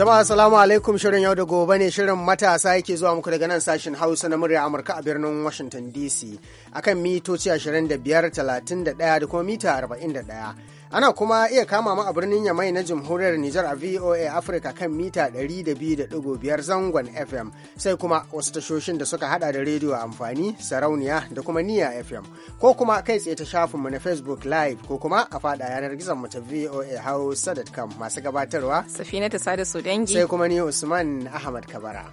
Jama'a salamu alaikum shirin yau da gobe ne shirin matasa yake zuwa muku daga nan sashin Hausa na murya Amurka a birnin Washington DC akan mitoci 25, 31 da kuma mita 41. Ana kuma iya kama mu a birnin Yamai na Jamhuriyar Nijar a VOA Africa kan mita 200.5 zangon FM sai kuma wasu tashoshin da suka hada da rediyo amfani, sarauniya da kuma niya FM ko kuma kai tsaye ta shafinmu na Facebook Live ko kuma a fada yanar gizon mu ta VOA Hausa.com masu gabatarwa. Safina ta sada Sai kuma ni Usman Ahmad Kabara.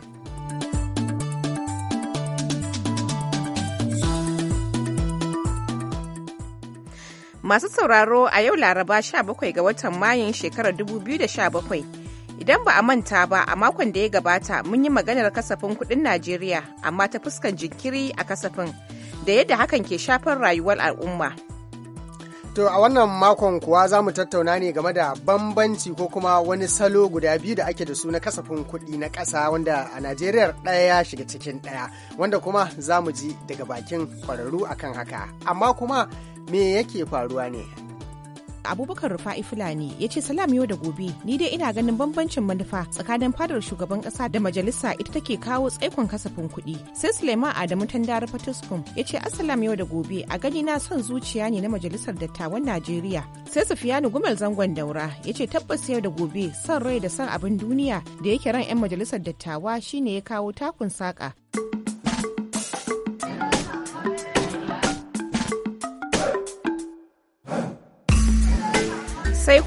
Masu sauraro a yau Laraba 17 ga watan Mayun shekarar 2017. Idan ba a manta ba a makon da ya gabata mun yi maganar kasafin kuɗin Najeriya amma ta fuskan jinkiri a kasafin da yadda hakan ke shafar rayuwar al'umma. To a wannan makon kuwa za mu tattauna ne game da bambanci ko kuma wani salo guda biyu da ake da su na kasafin kuɗi na ƙasa wanda a Najeriya ɗaya ya shiga cikin ɗaya wanda kuma za mu ji daga bakin kwararru akan haka. Amma kuma me yake faruwa ne abubakar rufa'i fulani ya ce salam yau da gobe ni dai ina ganin bambancin manufa tsakanin fadar shugaban kasa da majalisa ita take kawo tsaikon kasafin kuɗi sai suleiman adamu tandar fatuskum ya ce assalam yau da gobe a gani na son zuciya ne na majalisar dattawan najeriya sai sufiyanu gumal zangon daura ya ce tabbas yau da gobe son rai da son abin duniya da yake ran 'yan majalisar dattawa shine ya kawo takun saƙa.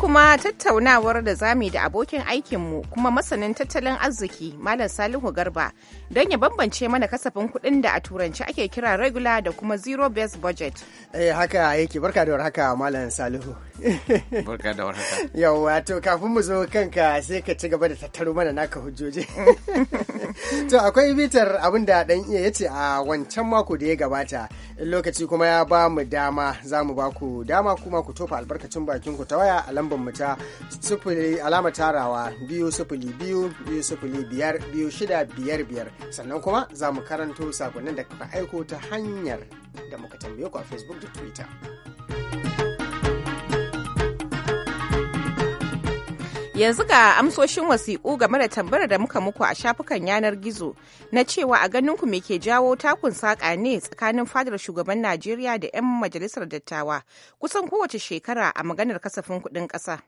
kuma tattaunawar da zami da abokin aikinmu kuma masanin tattalin arziki Malam Salihu Garba don ya bambance mana kasafin kuɗin da a turanci ake kira regular da kuma zero based budget. Eh haka yake barka da haka Malam Salihu. Barka da Yawwa to kafin mu zo kanka sai ka ci gaba da tattaro mana naka hujjoji. to akwai bitar abin da dan iya yace a wancan mako da ya gabata lokaci kuma ya ba mu dama za mu ba ku dama kuma ku tofa albarkacin bakin ku ta waya a lambar mu ta sifili alama tarawa biyu sifili biyu biyu sifili biyar biyu shida biyar biyar sannan kuma za mu karanto sakonnin da ka aiko ta hanyar da muka tambaye ku a facebook da twitter. Yanzu ga amsoshin wasiƙu game da tambayar da muka muku a shafukan yanar gizo na cewa a ganinku me ke jawo takun saƙa ne tsakanin fadar shugaban Najeriya da 'yan majalisar dattawa kusan kowace shekara a maganar kasafin kuɗin ƙasa.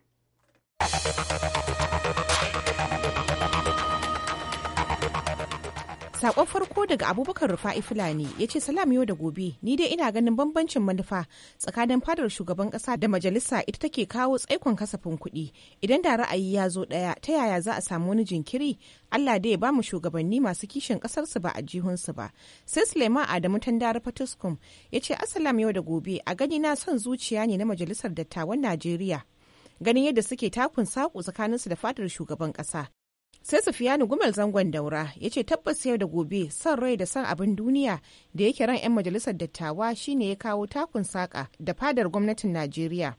Sakon farko daga Abubakar Rufa'i Fulani ya ce salam yau da gobe ni dai ina ganin bambancin manufa tsakanin fadar shugaban kasa da majalisa ita take kawo tsaikon kasafin kuɗi idan da ra'ayi ya zo ɗaya ta yaya za a samu wani jinkiri Allah dai ba mu shugabanni masu kishin kasarsu ba a su ba. Sai Suleiman Adamu Tandara Fatuskum ya ce Asalam yau da gobe a gani na son zuciya ne na Majalisar Dattawan Najeriya. Ganin yadda suke takun saƙo tsakaninsu da fadar shugaban kasa. sai sufiyanu gumal zangon daura ya ce tabbas yau da gobe son rai da son abin duniya da yake ran 'yan majalisar dattawa shine ya kawo takun saka da fadar gwamnatin najeriya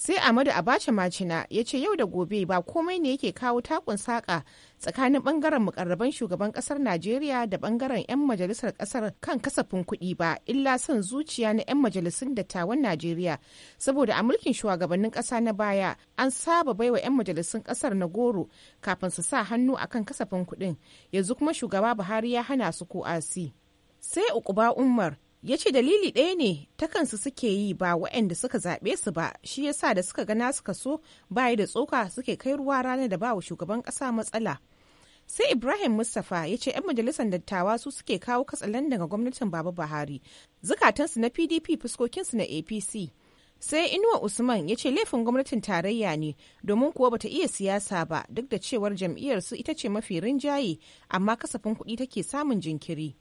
sai amadu abacha macina ya ce yau da gobe ba komai ne yake kawo takun saka tsakanin bangaren mukarraban shugaban kasar najeriya da bangaren 'yan majalisar kasar kan kasafin kuɗi ba illa son zuciya na 'yan majalisun dattawan najeriya saboda a mulkin shugabannin ƙasa na baya an saba baiwa 'yan majalisun ƙasar na goro kafin su sa hannu a kan kasafin kuɗin yanzu kuma shugaba buhari ya hana su ko asi sai ukuba umar ya ce dalili ɗaya ne ta kansu suke yi ba waɗanda suka zaɓe su ba shi ya sa da suka gana suka so bayi da tsoka suke kai ruwa ranar da bawa shugaban ƙasa matsala sai ibrahim mustapha ya ce 'yan majalisar dattawa su suke kawo katsalan daga gwamnatin baba buhari zukatansu na pdp fuskokinsu na apc sai inuwa usman ya ce laifin gwamnatin tarayya ne domin kuwa bata iya siyasa ba duk da cewar su ita ce mafi rinjaye amma kasafin kuɗi take samun jinkiri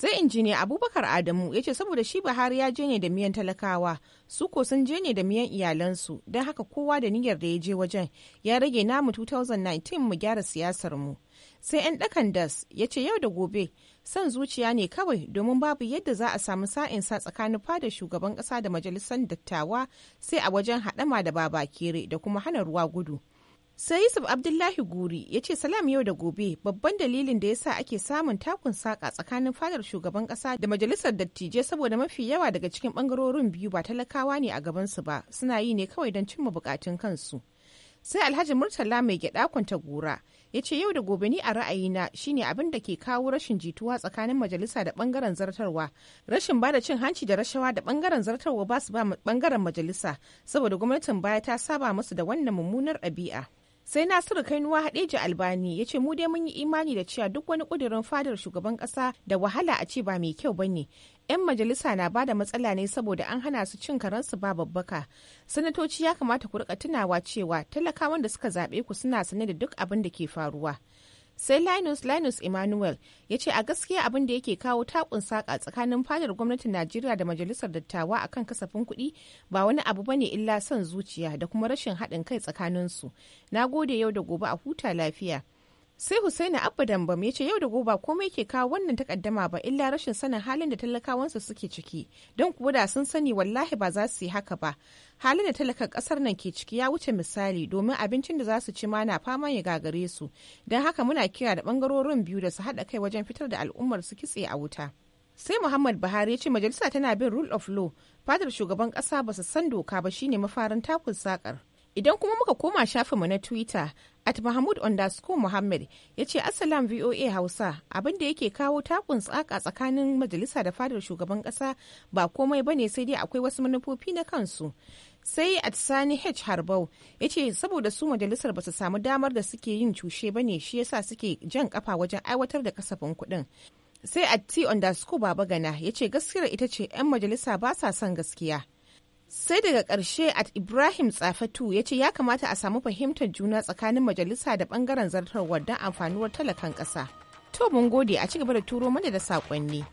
sai injiniya abubakar adamu ya ce saboda shi buhari ya je ne da miyan talakawa su ko sun je ne da miyan iyalansu don haka kowa da niyyar da ya je wajen ya rage namu 2019 mu gyara siyasar mu sai 'yan ɗakan das ya ce yau da gobe son zuciya ne kawai domin babu yadda za a samu sa'in sa tsakanin fadar shugaban kasa da majalisar dattawa sai a wajen haɗama da babakere da kuma hana ruwa gudu sai yusuf abdullahi guri ya ce salam yau da gobe babban dalilin da ya sa ake samun takun saka tsakanin fadar shugaban kasa da majalisar dattijai saboda mafi yawa daga cikin bangarorin biyu ba talakawa ne a gabansu ba suna yi ne kawai don cimma bukatun kansu sai alhaji murtala mai gyada kwanta gora ya ce yau da gobe ni a ra'ayina shine abin da ke kawo rashin jituwa tsakanin majalisa da bangaren zartarwa rashin bada cin hanci da rashawa da bangaren zartarwa ba su ba bangaren majalisa saboda gwamnatin baya ta saba musu da wannan mummunar ɗabi'a sai nasiru kainuwa hadeji albani ya ce mu dai mun yi imani da cewa duk wani kudirin fadar shugaban kasa da wahala a ce ba mai kyau bane yan majalisa na bada matsala ne saboda an hana su cin karansu ba babbaka sanatoci ya kamata ku rika tunawa cewa talakawan da suka zaɓe ku suna sane da duk abin da ke faruwa sai linus linus emmanuel ya ce a gaskiya abin da yake kawo takun saka tsakanin fadar gwamnatin najeriya da majalisar dattawa akan kasafin kuɗi ba wani abu ba ne illa son zuciya da kuma rashin haɗin kai tsakaninsu na gode yau da gobe a huta lafiya sai husaini abba dambam ya ce yau da goba komai ke kawo wannan takaddama ba illa rashin sanin halin da talakawansu suke ciki don kuwa da sun sani wallahi ba za su yi haka ba halin da talakan kasar nan ke ciki ya wuce misali domin abincin da za su ci ma na fama ya gagare su don haka muna kira da bangarorin biyu da su haɗa kai wajen fitar da al'ummar su kitse a wuta sai muhammad buhari ya ce majalisa tana bin rule of law fadar shugaban ƙasa ba su san doka ba shine mafarin takun sakar Idan kuma muka koma shafinmu na Twitter, at Mahmud underscore Muhammad ya ce Assalam VOA Hausa abin da yake kawo takun tsaka tsakanin majalisa da fadar shugaban kasa ba komai ba ne sai dai akwai wasu manufofi na kansu. Sai at Sani H Harbau ya ce saboda su majalisar ba su samu damar da suke yin cushe ba ne shi yasa suke jan kafa wajen aiwatar da kasafin kuɗin. Sai at T underscore Babagana ya ce gaskiyar ita ce 'yan majalisa ba sa son gaskiya. sai daga ƙarshe at ibrahim tsafatu ya ce ya kamata a samu fahimtar juna tsakanin majalisa da ɓangaren zartarwar don amfanuwar talakan ƙasa to mun gode a ci gaba da turo mana da saƙonni.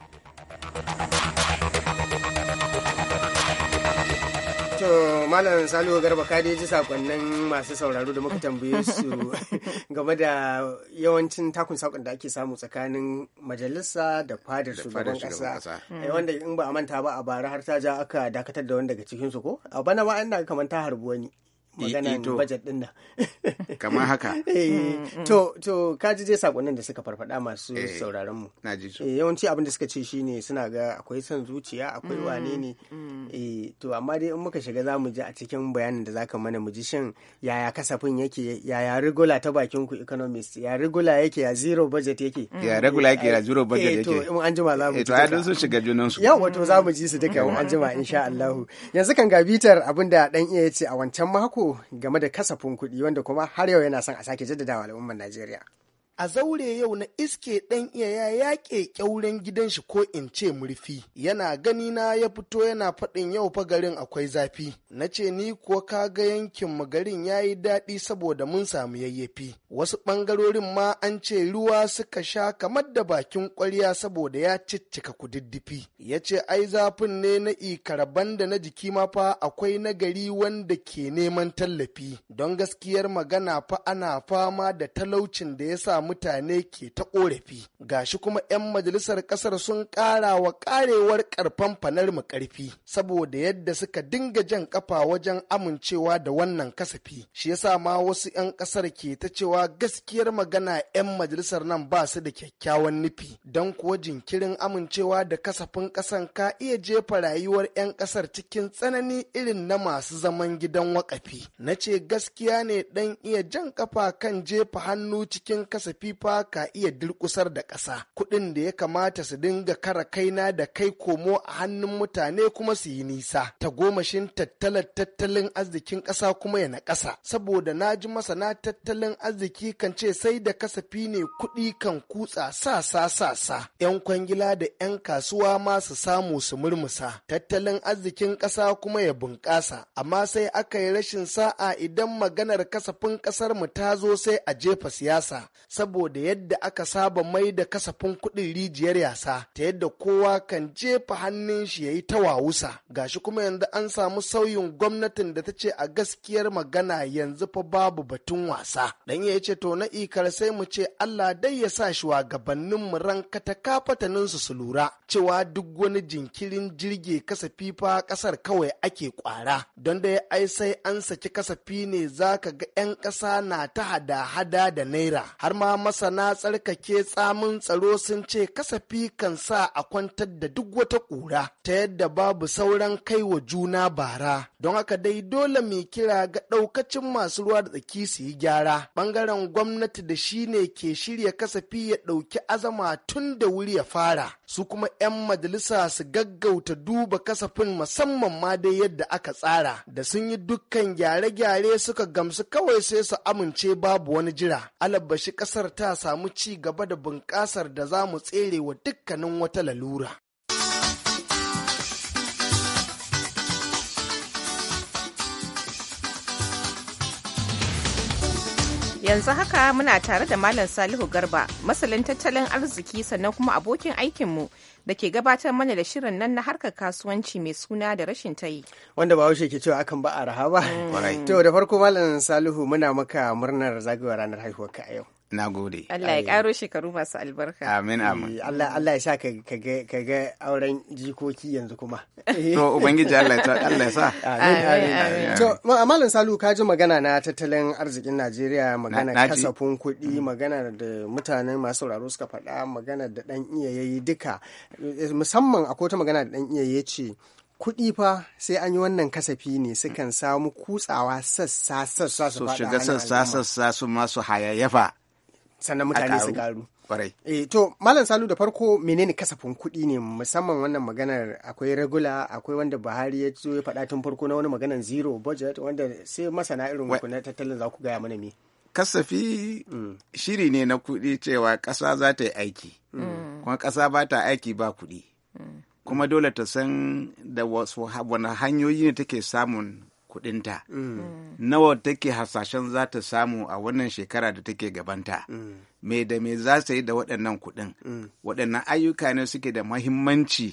to malam salihu garba ka ji sakonnin masu sauraro da muka tambaye su game da yawancin takun sakon da ake samu tsakanin majalisa da fadar shugaban kasa eh, mm. wanda in ba a manta ba a bara har ta ja aka dakatar da wani daga cikinsu ko a bana ba an kamar ta harbi wani maganan eh, budget din nan kamar haka eh, mm, eh. Mm, mm. to to kaji dai sakonnin da suka farfada masu sauraron mu yawanci abin da suka ce shine suna ga akwai son zuciya akwai wane ne to amma dai in muka shiga zamu ji a cikin bayanin da zaka mana mu ji shin yaya kasafin yake yaya regular ta bakin ku economist ya regular yake ya zero budget yake ya regular yake ya zero budget yake to in an jima zamu ji to ai sun shiga junan su yawa to zamu ji su duka in an jima insha Allah yanzu kan ga bitar abin da dan iya yace a wancan mako game da kasafin kuɗi wanda kuma har yau yana son a sake jaddadawa al'ummar Najeriya. a zaure yau na iske ɗan iya ya yaƙe ƙyauren gidan shi ko in ce murfi yana gani na ya fito yana faɗin yau fa garin akwai zafi na ce ni kuwa ka ga yankin mu garin ya yi daɗi saboda mun samu yayyafi wasu ɓangarorin ma an ce ruwa suka sha kamar da bakin ƙwarya saboda ya ciccika kududdufi ya ce ai zafin ne na ikaraban da na jiki ma fa akwai na gari wanda ke neman tallafi don gaskiyar magana fa ana fama da talaucin da ya samu mutane ke ta korafi shi kuma 'yan majalisar kasar sun ƙara wa karewar karfan fanar mu karfi saboda yadda suka dinga jan kafa wajen amincewa da wannan kasafi shi yasa ma wasu 'yan kasar ke ta cewa gaskiyar magana 'yan majalisar nan ba su da kyakkyawan nufi don kuwa jinkirin amincewa da kasafin kasan ka iya jefa rayuwar 'yan kasar cikin tsanani irin na masu zaman gidan wakafi na ce gaskiya ne dan iya jan kafa kan jefa hannu cikin kasa ka iya durkusar da ƙasa kuɗin da ya kamata su dinga kara kaina da kai komo a hannun mutane kuma su yi nisa ta goma tattalar tattalin arzikin ƙasa kuma ya na ƙasa saboda na ji masana tattalin arziki kan ce sai da kasafi ne kuɗi kan kutsa sa sa sa sa 'yan kwangila da 'yan kasuwa ma su samu su murmusa tattalin arzikin ƙasa kuma ya bunƙasa amma sai aka yi rashin sa'a idan maganar kasafin ƙasar mu ta zo sai a jefa siyasa saboda yadda aka saba mai da kasafin kuɗin rijiyar yasa ta yadda kowa kan jefa hannun shi ya yi ta gashi kuma yanzu an samu sauyin gwamnatin da ta ce a gaskiyar magana yanzu fa babu batun wasa dan ya ce to na ikar sai mu ce Allah dai ya sa shi gabannin mu ranka ta kafatanin su su lura cewa duk wani jinkirin jirge kasafi fa kasar kawai ake kwara don da ai sai an saki kasafi ne zaka ga 'yan ƙasa na ta hada-hada da naira har ma masana tsarkake tsamin tsaro sun ce kasafi kan sa a kwantar da duk wata ƙura ta yadda babu sauran kai wa juna bara. Don haka dai dole mai kira ga ɗaukacin masu ruwa da tsaki su yi gyara. Bangaren gwamnati da shi ne ke shirya kasafi ya ɗauki azama tun da wuri ya fara. Su kuma 'yan majalisa su gaggauta duba kasafin musamman ma dai yadda aka tsara. Da sun yi dukkan gyare-gyare suka gamsu kawai sai su amince babu wani jira. Alabashi ƙasar ƙasar ta samu ci gaba da bunƙasar da za mu tsere wa dukkanin wata lalura. Yanzu haka muna tare da Malam Salihu Garba, masalin tattalin arziki sannan kuma abokin aikinmu da ke gabatar mana da shirin nan na harkar kasuwanci mai suna da rashin tayi. Wanda ba ke cewa akan ba a raha ba. Mm. To da farko Malam Salihu muna maka murnar zagayowar ranar haihuwarka a yau. na gode Allah ya karo shekaru masu albarka amin amin Allah Allah ya sa ka ga auren jikoki yanzu kuma to ubangiji Allah ya Allah ya sa amin amin to malam salu ka ji magana na tattalin arzikin Najeriya magana kasafin kuɗi mm-hmm. magana da mutanen masu sauraro suka faɗa magana da dan iya duka musamman akwai ta magana da dan iya ce kuɗi fa sai an yi wannan kasafi ne sukan samu kutsawa sassa sassa su shiga sassa sassa su masu hayayyafa sannan mutane su karu eh, to malam salu da farko menene kasafin kuɗi ne musamman wannan maganar akwai regula akwai wanda buhari ya zo ya faɗa tun farko na wani maganar zero budget wanda sai masana irin ku na tattalin za ku gaya mana me kasafi mm. shiri ne na kuɗi cewa kasa za ta yi aiki mm. mm. kuma ƙasa ba ta aiki ba kuɗi mm. kuma dole ta san da wasu wani hanyoyi ne take samun kudinta mm. mm. nawa take hasashen za ta samu a wannan shekara da take gabanta mm. me da me za su yi da waɗannan kuɗin waɗannan ayyuka ne suke da mahimmanci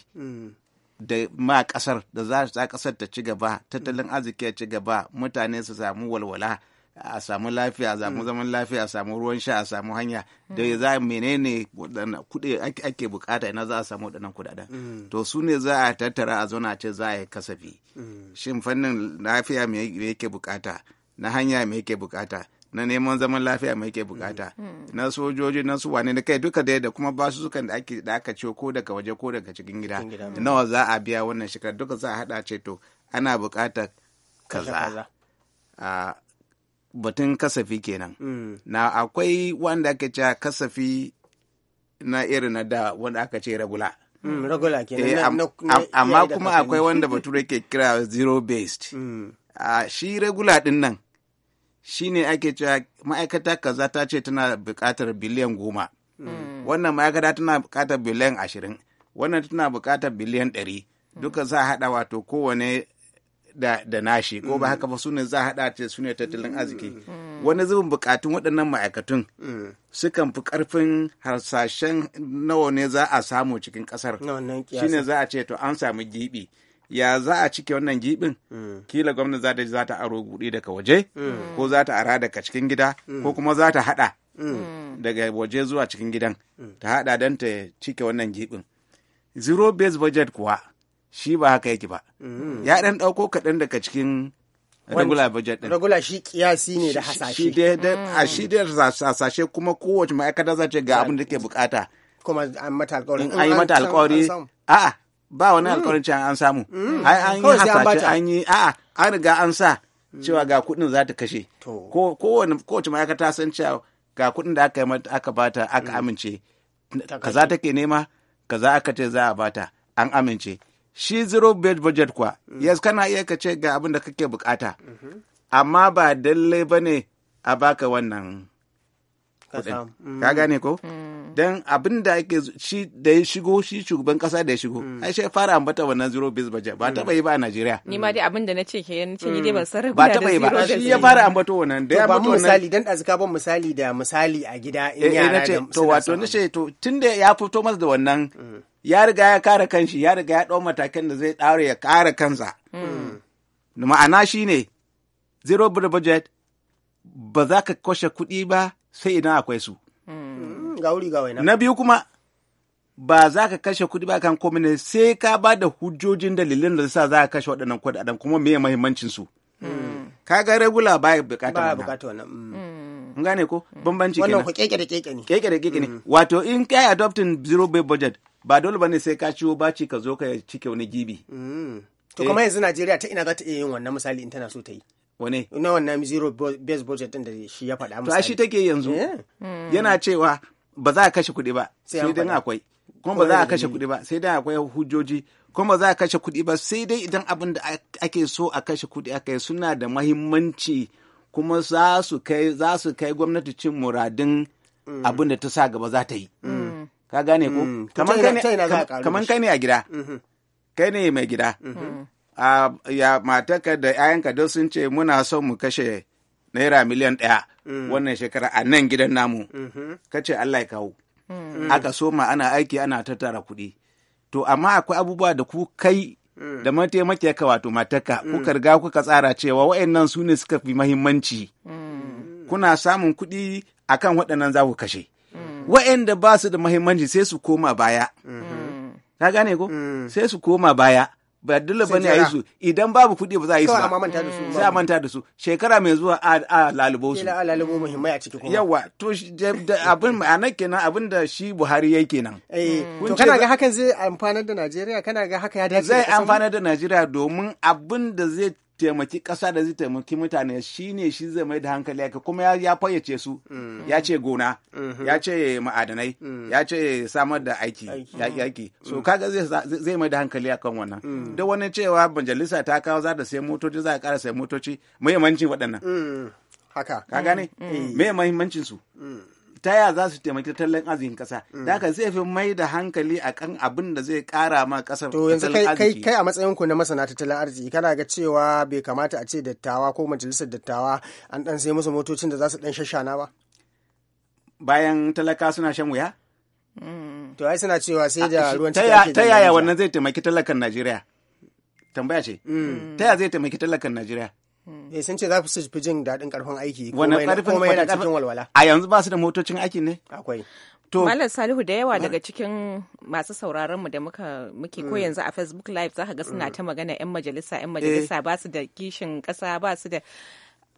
da ma ƙasar da za kasar ta ci gaba tattalin arziki ya ci gaba mutane su samu walwala a samu lafiya a samu mm. zaman lafiya a samu ruwan sha a samu hanya mm. da za menene kuɗi ake bukata ina za a samu waɗannan kuɗaɗen mm. to su ne za a tattara a zauna ce za a yi kasafi shin fannin lafiya me yake bukata na hanya me yake bukata na neman zaman lafiya mai ke bukata na sojoji na su wane da kai duka da da kuma basu sukan da ake da aka ciwo ko daga waje ko daga cikin gida nawa za a biya wannan shekara duka za a hada ce to ana bukatar kaza batun kasafi kenan mm. na akwai wanda ake cewa kasafi na irin na da wanda aka ce regular mm, regular kenan eh, amma kuma akwai wanda bature ke kira zero based uh, shi regular din nan shi ne ake cewa ma'aikata kaza ta ce tana bukatar biliyan goma wannan ma'aikata tana bukatar biliyan ashirin wannan tana bukatar biliyan ɗari duka za a haɗa wato kowane da, nashi ko ba mm. haka ba su ne za a haɗa ce su tattalin arziki mm. Mm. wani zubin bukatun waɗannan ma'aikatun sukan fi ƙarfin harsashen nawa ne za a samu cikin ƙasar shine za a ce to an samu giɓi ya za a cike wannan giɓin kila gwamnati za ta za ta aro buɗe daga waje ko za ta ara daga cikin gida ko kuma za ta haɗa daga waje zuwa cikin gidan ta haɗa don ta cike wannan giɓin zero based budget kuwa shi ba haka yake ba mm. ya ɗan ɗauko kaɗan daga cikin regular budget ɗin. regular shi kiyasi ne da hasashe shi dai mm. a shi dai hasashe kuma kowace ma'aikata za ce ga abin da ke bukata kuma an mata alƙawari an yi mata alƙawari a'a ba wani mm. alkawarin cewa an samu ai an yi hasashe an yi a'a an riga an sa cewa ga kuɗin za ta kashe ko kowace kowace ma'aikata san cewa ga kuɗin da aka aka bata aka amince kaza take nema kaza aka ce za a bata an amince shi zero bed budget kuwa mm. yes kana iya ka ce ga abin da kake bukata mm-hmm. amma ba dalle ba ne a baka wannan kuɗin mm. ka gane ko mm. don abin da ake shi da ya shigo shi shugaban kasa da ya shigo ai shi fara ambata wannan zero based budget ba taba yi ba a Najeriya ni ma dai abin da ce ke yana ce ni dai ban sarrafa ba taba yi ba shi ya fara ambato wannan da ya ambato wannan misali dan azuka ban misali da misali a gida in eh, eh, yara da to wato nace to tunda ya fito masa da wannan ya riga ya kare kanshi ya riga ya ɗau matakan da zai ɗaure ya kare kansa hmm. ma'ana shi ne zero budget ba za ka kashe kuɗi ba sai idan akwai su hmm. Hmm, ga wuri ga waina na biyu kuma ba za ka kashe kuɗi ba kan komai ne sai ka ba da hujjojin dalilin da sa za ka kashe waɗannan kuɗaɗen kuma me muhimmancin su ka ga regular ba ya bukata wannan mun gane ko bambanci kenan wannan ko keke da keke ne keke da keke ne wato in kai adopting zero budget ba dole bane sai ka ciwo baci ka zo ka cike wani gibi mm. to eh. kamar yanzu Najeriya ta ina za ta iya yin wannan misali in tana so ta yi wane na wannan zero base budget din da shi ya faɗa misali to shi take yanzu eh. hmm. yana cewa ba za a kashe kuɗi ba sai dai akwai kuma ba za a kashe kuɗi ba sai dai akwai hujjoji kuma ba za a kashe kuɗi ba sai dai idan abin da ake so a kashe kuɗi aka yi suna da mahimmanci kuma za su kai gwamnati cin muradin mm. abin da ta sa gaba za ta yi. Mm. ka gane ko mm, kamar kai ne a gida mm-hmm. kai ne mai gida mm-hmm. a ya matarka da 'ya'yanka duk sun ce muna son mu kashe naira miliyan ɗaya mm. wannan shekara a nan gidan namu mm-hmm. ka ce allah ya kawo mm. aka soma ana aiki ana tattara kuɗi to amma akwai abubuwa da ku kai da ka wato matarka kuka riga kuka tsara cewa wa'annan su ne suka fi muhimmanci kuna samun kuɗi akan waɗannan za ku kashe wa'anda ba su da mahimmanci sai su koma baya ka gane ko sai su koma baya ba dole ne a yi su idan babu kuɗi ba za a yi su ba sai a manta da su shekara mai zuwa a lalubo su a lalubo muhimmai a ciki kuma yawa to abin ma'ana kenan abin da shi Buhari ya kenan eh to kana ga hakan zai amfanar da Najeriya kana ga haka ya dace zai amfanar da Najeriya domin abin da zai taimaki ƙasa da zai taimaki mutane shi ne shi zai mai da hankali yake kuma ya fayyace su mm-hmm. ya ce gona mm-hmm. ya ce ma'adanai mm-hmm. ya ce samar da aiki yaki so kaga zai mai da hankali akan wannan da wani cewa majalisa ta kawo za ta sai motoci za a ƙara sai motoci muhimmancin waɗannan haka ka gane mahimmancin su ta ya za su taimaki tattalin arzikin kasa mm. da haka zai fi mai da hankali a kan abin da zai kara ma kasar to yanzu kai kai a matsayin ku na masana tattalin arziki kana ga cewa bai kamata a ce dattawa ko majalisar dattawa an dan sai musu motocin da za su dan shashana ba bayan talaka suna shan wuya mm. to ai suna cewa sai da ruwan ciki ta yaya wannan zai taimaki talakan Najeriya tambaya ce mm. ta yaya zai taimaki talakan Najeriya eh sun ce za su fi jin daɗin karfin aiki kuma yana cikin walwala a yanzu ba su da motocin aiki ne akwai To, Malam Salihu da yawa daga cikin masu sauraronmu da muka muke ko mm. yanzu a Facebook Live za ka ga suna mm. ta magana 'yan majalisa 'yan eh. majalisa ba su da kishin ƙasa ba su da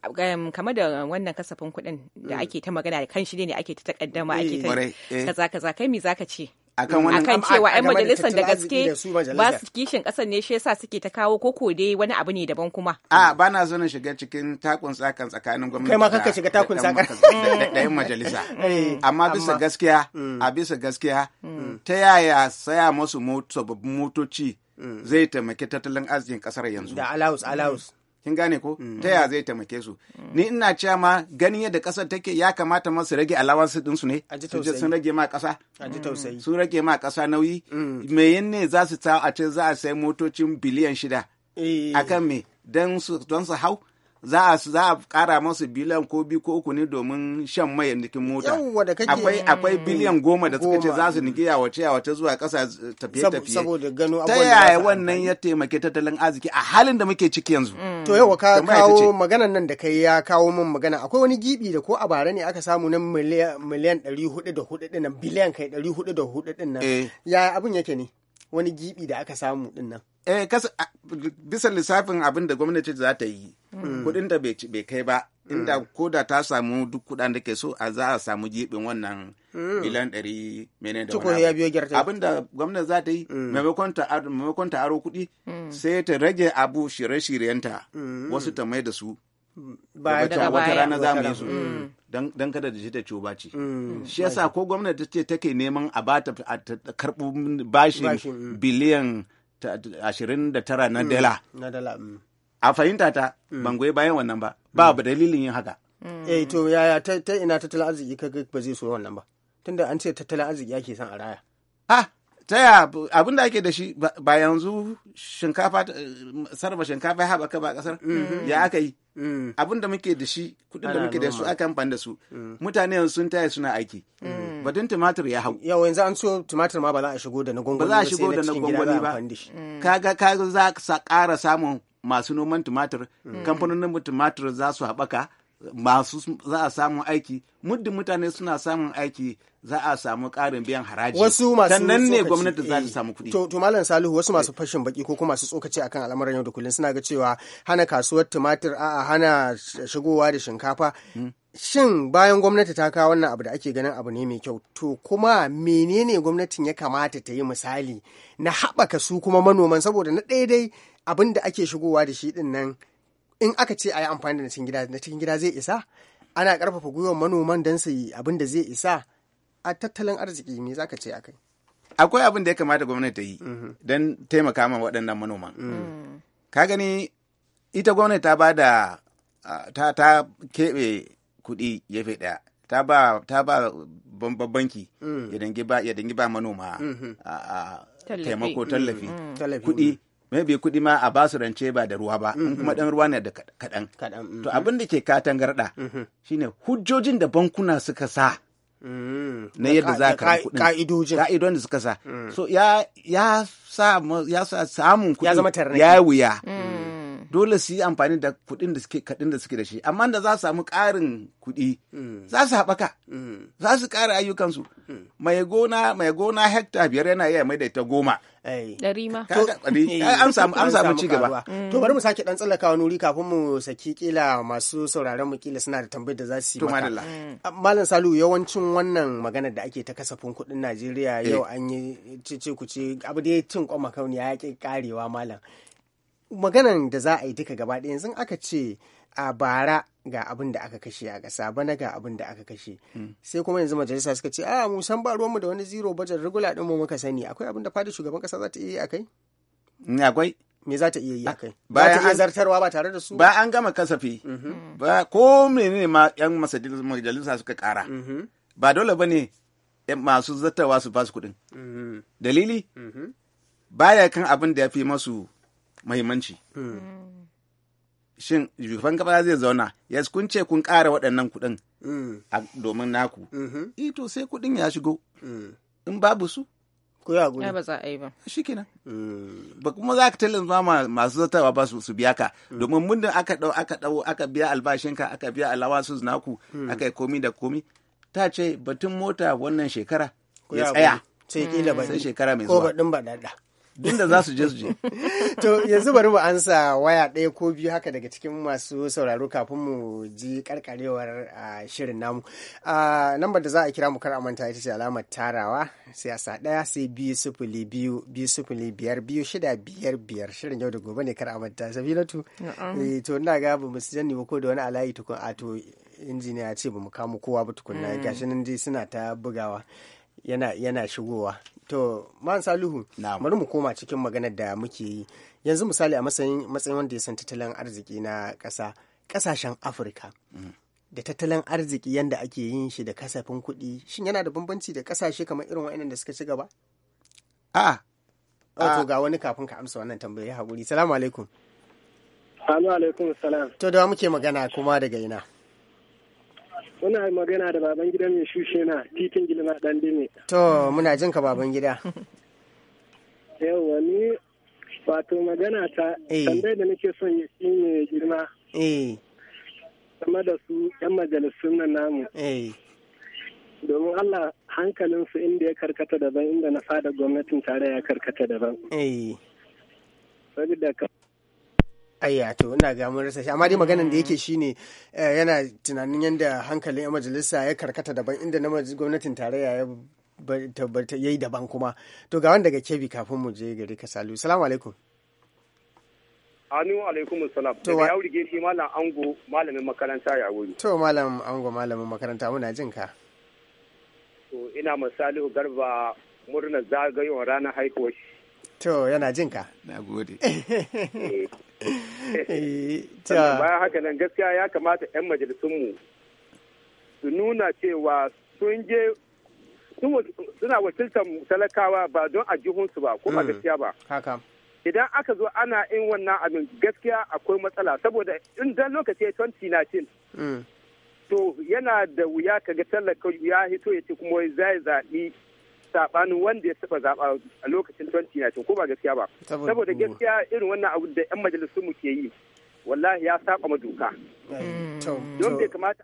um, kama da wannan kasafin kuɗin da mm. ake ta magana da kan shi ne ake ta takaddama ake ta eh, eh. kaza kaza kai me zaka ce akan mm. wani akan cewa 'yan majalisar da gaske ba su kishin kasar ne shi yasa suke ta kawo koko dai wani abu ne daban kuma a ba na zo na shiga cikin takun tsakan tsakanin gwamnati kai ma kanka shiga takun tsakan da 'yan mm. majalisa eh, amma bisa gaskiya mm. a bisa gaskiya ta yaya saya musu sababbin motoci zai taimaki tattalin arzikin kasar yanzu da alaus alaus kin gane ko mm. ta ya zai taimake su mm. ni ina cewa ma ganin yadda kasar take ya kamata ma su rage allowance din su ne sun rage ma kasa sun rage ma kasa nauyi mm. me yanne za su ta a ce za a sai motocin biliyan shida eh. akan me don su hau za a za a kara masu biliyan ko biyu ko uku ne domin shan mai jikin mota akwai akwai biliyan goma da suka ce za su niki ya wace zuwa kasa eh, tafiye tafiye ta yaya wannan ya taimake tattalin arziki a halin da muke ciki yanzu mm. to yau ka kawo maganan nan da kai ya kawo min magana akwai wani gibi da ko a bara ne aka samu nan miliyan ɗari hudu da hudu dinnan biliyan kai ɗari hudu da hudu dinnan eh. ya abin yake ne wani gibi da aka samu dinnan eh bisa lissafin abin da gwamnati za ta yi Mm. kuɗin da bai kai ba mm. inda ko da ta samu duk kudin da ke so a za a samu jibin wannan mm. miliyan ɗari mene da wani ya biyo abin da gwamnati za ta yi maimakon ta aro kuɗi sai ta rage abu shirye-shiryenta wasu ta mai da su ba da wata rana za mu yi su don kada da shi ta coba ce shi yasa ko gwamnati ta ce take neman a ba ta karɓo bashin biliyan ashirin da tara na dala a fahimta ta hmm. ban goyi bayan wannan ba ba hmm. ba dalilin yin haka hmm. eh to yaya ta ina tattalin arziki kaga ba zai so wannan ba tunda an ce tattalin arziki ake son a raya ha ta ya abin da ake da shi ba yanzu shinkafa sarrafa shinkafa ya haɓaka ba ƙasar ya aka yi abin da muke da shi kudin da muke da su aka amfani da su mutane yanzu sun taya suna aiki batun tumatir ya hau yau yanzu an so tumatir ma ba za a shigo da na gwangwani ba za a shigo da na gwangwani ba kaga kaga za ka kara samun masu noman tumatir mm. kamfanonin tumatir za su haɓaka masu za a samu aiki muddin mutane suna samun aiki za a samu ƙarin biyan haraji wasu masu sannan ne gwamnati za ta eh, samu kuɗi to, malam salihu wasu masu fashin baki ko kuma masu tsokaci akan al'amuran yau da kullum suna ga cewa hana kasuwar tumatir a'a hana shigowa da shinkafa hmm. shin bayan gwamnati ta kawo wannan abu da ake ganin abu ne mai kyau to kuma menene gwamnatin ya kamata ta yi misali na haɓaka su kuma manoman saboda na ɗaya dai abin da ake shigowa da shi din nan in aka ce a yi amfani da na cikin gida na cikin gida zai isa ana karfafa gwiwar manoman don su yi abin da zai isa a tattalin arziki me zaka ce akai akwai abin da ya kamata gwamnati ta yi mm-hmm. don taimaka ma waɗannan manoman mm. ka gani ita gwamnati ta ba da ta ta keɓe kuɗi ya fi ɗaya ta ba ta ba babban banki mm. ya dangi ba manoma mm-hmm. taimako tallafi mm. kuɗi maybe kuɗi ma a basu rance ba da ruwa ba in mhm. kuma ɗan ruwa ne da kaɗan to mhm. abin da ke garɗa mhm. shine hujjojin da bankuna suka sa na yadda za ka kuɗin ka'idojin ka'idojin da suka sa mm. so ya sa samun kuɗi ya zama ya wuya mm. dole su yi amfani da kuɗin da suke kaɗin da suke da shi amma da za su samu ƙarin kuɗi mm. za su haɓaka mm. za su ƙara ayyukansu mm. mai gona mai gona hekta biyar yana iya mai da ita goma ɗari ma an samu ci gaba to bari mu sake dan tsallakawa nuri kafin mu saki kila masu sauraron mu kila suna da tambayar da za su yi maka ah, malam salu yawancin wannan magana da ake ta kasafin kuɗin najeriya eh. yau an yi cece kuce abu da ya cin kwamakauniya ya ƙi karewa malam maganan da za a yi duka gaba ɗaya yanzu aka ce a bara ga abin da aka kashe a ƙasa bana ga abin da aka kashe hmm. sai kuma yanzu majalisa suka ce a mu san ba ruwanmu da wani zero budget rigula din mu muka sani akwai abin da fadi shugaban ƙasa za ta iya yi a kai hmm, akwai me za ta iya yi kai ba ta azartarwa ba tare da su ba an gama kasafi mhm. ba ko menene ma yan majalisa suka kara mhm. ba dole bane masu zattawa su ba su kuɗin mhm. dalili baya kan abin da ya fi masu mahimmanci hmm. shin shugaban kafa zai zauna ya kun ce kun ƙara waɗannan kuɗin hmm. domin naku ito mm-hmm. eh sai kuɗin ya shigo hmm. in babu su ko ya gudu ba za a yi ba shi kenan ba kuma za ka talanta ma masu zartawa ba su biya ka domin mun aka dau aka dau aka biya albashinka aka biya alawasus naku aka yi komi da komi ta ce batun mota wannan shekara ya tsaya sai kila ba sai shekara mai zuwa ko ba ɗaɗa. inda za su je su je to yanzu bari mu ansa waya ɗaya ko biyu haka daga cikin masu sauraro kafin mu ji karkarewar shirin namu lambar da za a kira mu kar manta ita ce alamar tarawa sai a sa ɗaya sai biyu sufuli biyu biyu sufuli biyar biyu shida biyar biyar shirin yau da gobe ne kar manta sabilatu eh, to ina ga ba mu sani ba ko da wani alayi tukun a to injiniya ce ba mu kamo kowa ba tukunna mm. gashi nan dai suna ta bugawa yana yana shigowa To, man Salihu, bari mu koma cikin maganar da muke yi. Yanzu misali a matsayin matsayin wanda ya san tattalin arziki na ƙasa, ƙasashen Afirka. Mm. Da tattalin arziki yanda ake yin shi da kasafin kuɗi, shin yana da bambanci da ƙasashe kamar irin waɗannan da suka ci gaba? A'a. Oh, to ga wani kafin ka amsa wannan tambayar haƙuri. Salamu alaikum. Salamu alaikum salam. To da muke magana kuma daga ina. Muna magana da baban gida mai shushe na titin gilma dan dini To muna jin ka baban gida. Yawwa ni wato magana ta eh. tambayar da nake son ya shi ne girma. Eh. Sama da su 'yan majalisun nan namu. Eh. Domin Allah hankalinsu inda ya karkata daban inda na fada gwamnatin tare ya karkata daban. Eh. Saboda Aiya to ina ga mun rasa shi amma dai maganan da yake mm. shine eh, yana tunanin yadda hankalin 'yan majalisa ya karkata daban inda na gwamnatin tarayya ya tabbata yayi daban kuma to ga wanda ga kebi kafin mu je gari ka salu salamu alaikum Anu alaikum salam. To, ya wurge shi malam ango malamin makaranta ya wuri. To malam ango malamin makaranta muna jin ka. To ina misali garba murnar zagayowar ranar haihuwar shi. To yana jin ka. Na gode. Eh. Eh, eh, bayan haka nan gaskiya ya kamata 'yan majalisunmu su nuna cewa sun je suna wakiltar talakawa ba don a jihunsu ba ko mm. gaskiya ba idan aka zo ana in wannan abin gaskiya akwai matsala saboda in dan lokaci 2019 mm. to yana da wuya kaga talaka ya hito ya ce kuma zai zaɓi sabanin wanda ya taba zaba a lokacin 2019 ko ba gaskiya ba saboda gaskiya irin wannan abu da yan majalisun mu ke yi wallahi ya saba ma doka mm. don bai kamata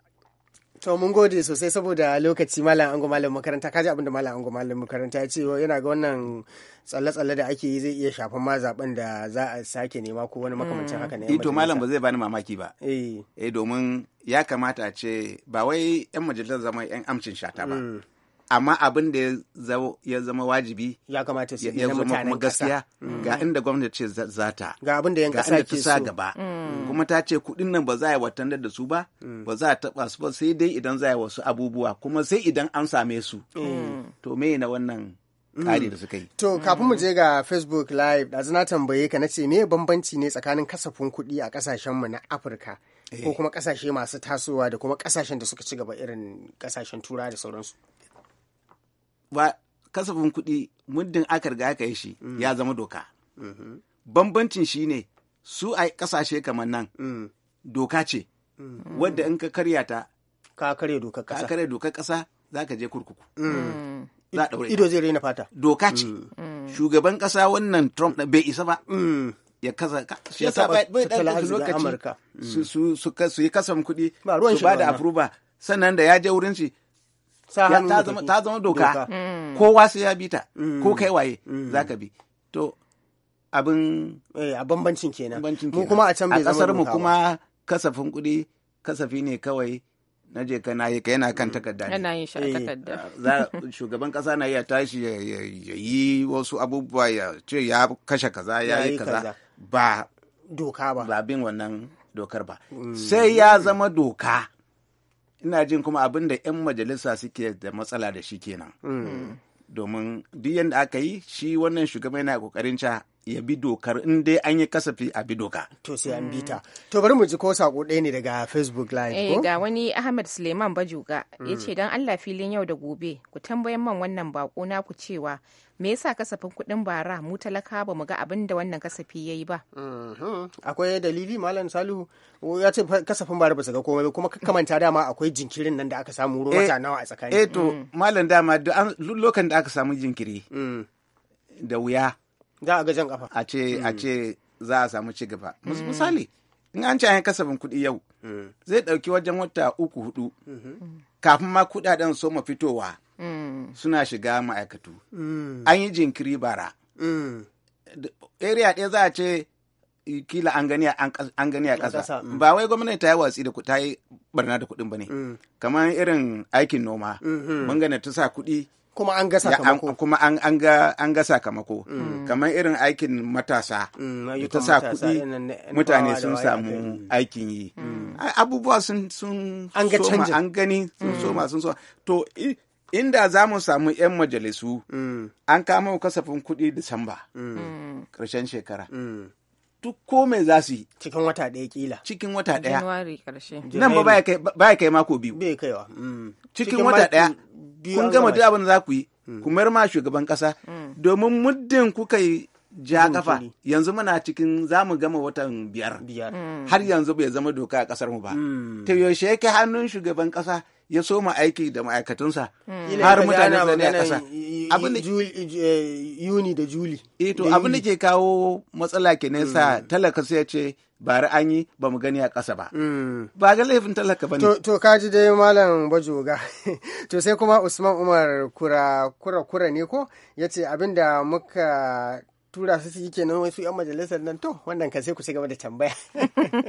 To mun gode sosai saboda lokaci malam ango malam makaranta kaji abinda malam ango malam makaranta ya ce yana ga wannan tsalle-tsalle da ake yi zai iya shafan ma zaben da za a sake nema ko wani makamancin mm. haka ne. Eh, to malam ba zai bani mamaki ba. Eh. eh domin ya kamata a ce ba wai 'yan majalisar zama 'yan amcin shata ba. Mm. amma abin da ya zama wajibi ya kamata su yi zama kuma gaskiya ga mm. inda gwamnati ce za ta ga abin da yanka sake su gaba mm. kuma ta ce kudin nan ba za a yi watan da su ba mm. ba za a taba su ba sai dai idan za a yi wasu abubuwa kuma sai idan an same su to me na wannan kari da suka yi. To kafin mu je ga Facebook live da na tambaye ka na ce me bambanci ne tsakanin kasafin kuɗi a kasashen mu na Afirka ko eh. kuma kasashe masu tasowa da kuma kasashen da suka ci gaba irin kasashen tura da sauransu. ba kasafin kuɗi muddin aka riga aka yi shi mm. ya zama doka mm-hmm. bambancin shi ne su a ƙasashe kamar nan mm. doka ce mm. wadda in ka karya ta ka karya dokar ƙasa ka dokar za ka je kurkuku za a ido zai raina fata doka ce shugaban ƙasa wannan trump bai isa ba ya kasa shi ya bai dan lokaci su su yi kasan kuɗi su ba da approval sannan da ya je wurin shi ta zama doka mm. kowa sai ya bi ta mm. ko kai waye mm. za ka bi to abin eh, a bambancin kenan mu kuma a can bai zama kasar mu kuma kasafin kuɗi kasafi ne kawai na je ka nayi ka yana kan takarda ne yana yin shi a eh. takarda ah, shugaban kasa na iya tashi ya yi wasu abubuwa ya ce ya kashe kaza ya yi kaza ba doka ba ba bin wannan dokar ba sai ya zama doka ina jin kuma abin da 'yan majalisa suke da matsala da shi kenan mm. domin duk yadda aka yi shi wannan shugaban yana kokarin ca ya bi dokar in dai an yi kasafi a bi doka. To sai an bi ta. Mm. To bari mu ji ko sako ɗaya ne daga Facebook Live. Eh ga wani Ahmad Suleiman Bajuga ya ce mm. don Allah filin yau da gobe ku tambayan man wannan bako na ku cewa me yasa kasafin kuɗin bara mu talaka ba mu ga abin da wannan kasafi ya yi ba. Mm-hmm. Akwai dalili Malam Salihu ya ce kasafin bara ba su ga komai ba kuma kamanta dama akwai jinkirin nan da aka samu ruwa eh, ta nawa a tsakani. Eh to mm. Malam dama lokacin da aka samu jinkiri da wuya za a ga kafa a ce a ce za a samu ci gaba mm. misali in an ce an kasafin kuɗi yau mm. zai ɗauki wajen wata uku hudu mm-hmm. kafin ma kuɗaɗen so ma fitowa mm. suna shiga ma'aikatu an yi jinkiri bara area ɗaya za a ce kila an gani an gani a ƙasa ba wai gwamnati ta yi watsi da ta yi barna da kuɗin ba ne kamar irin aikin noma mm-hmm. mun gane ta sa kuɗi kuma an ga sakamako kuma an ga sakamako mm. kamar irin aikin matasa mm, ta sa kuɗi mutane sun samu aikin yi mm. abubuwa sun sun an ga canji an gani sun soma sun soma to inda za mu samu 'yan majalisu an kama kasafin kuɗi disamba ƙarshen shekara duk ko me za su yi cikin wata ɗaya kila cikin wata ɗaya nan ba ya kai mako biyu bai kaiwa cikin wata ɗaya kun gama duk abin da za ku yi mm. ku mayar ma shugaban kasa mm. domin muddin kuka yi ja kafa yanzu muna cikin za mu gama watan biyar mm. har yanzu bai zama doka a kasar mu ba ta yaushe yake hannun shugaban kasa ya so ma aiki da ma'aikatunsa har mutane ne a kasa eh, yuni da juli eh abin da ke kawo matsala ke nesa talaka sai ya ce bari an yi ba mu gani a ƙasa ba. Mm. Ba ga laifin talaka ba ne. To ka ji dai malam bajoga. to sai kuma Usman Umar kura kura ne ko ya ce abinda muka tura su su yi nan wasu 'yan majalisar nan to wannan kan sai ku gaba da tambaya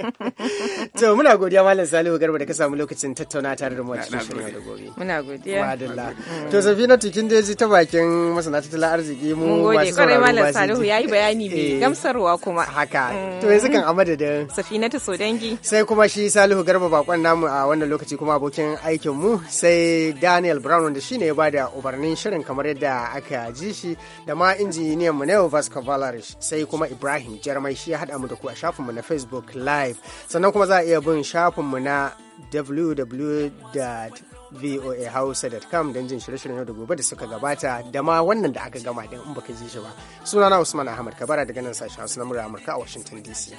to muna godiya malam salihu garba da ka samu lokacin tattauna tare da mu a cikin shirin da gobe muna godiya madalla to safina tukin deji ta bakin masana tattalin arziki mu gode kwarai malam salihu yayi bayani mai eh, gamsarwa kuma haka mm. to yanzu kan a madadin safina ta sodangi sai kuma shi salihu garba bakon namu a wannan lokaci kuma abokin aikin mu sai daniel brown wanda shine ya bada umarnin shirin kamar yadda aka ji shi da ma injiniyan mu ne Kavalaris sai kuma Ibrahim Jarmai shi ya haɗa mu da ku a shafinmu na Facebook Live. Sannan kuma za a iya bin shafinmu na www.voahausa.com don jin shirye-shiryen yau da gobe da suka gabata da ma wannan da aka gama din in baka ji shi ba. Sunana Usman Ahmad Kabara daga nan sashen Hausa na Amurka a Washington DC.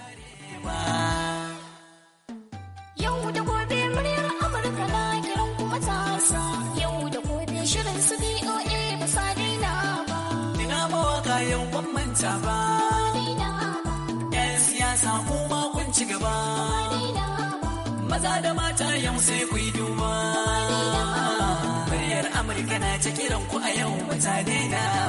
Yau da gobe kiran ku a yau wata na daina